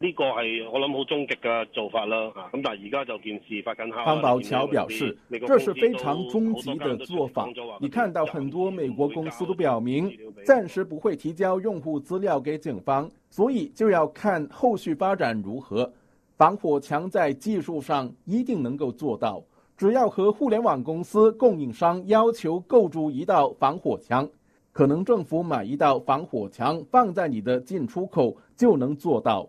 呢個係我諗好終極嘅做法啦。咁但係而家就件事發緊效。康寶橋表示，這是非常終極嘅做法。你看到很多美國公司都表明，暫時不會提交用戶資料給警方，所以就要看後續發展如何。防火牆在技術上一定能夠做到，只要和互聯網公司供應商要求構築一道防火牆，可能政府買一道防火牆放在你的進出口就能做到。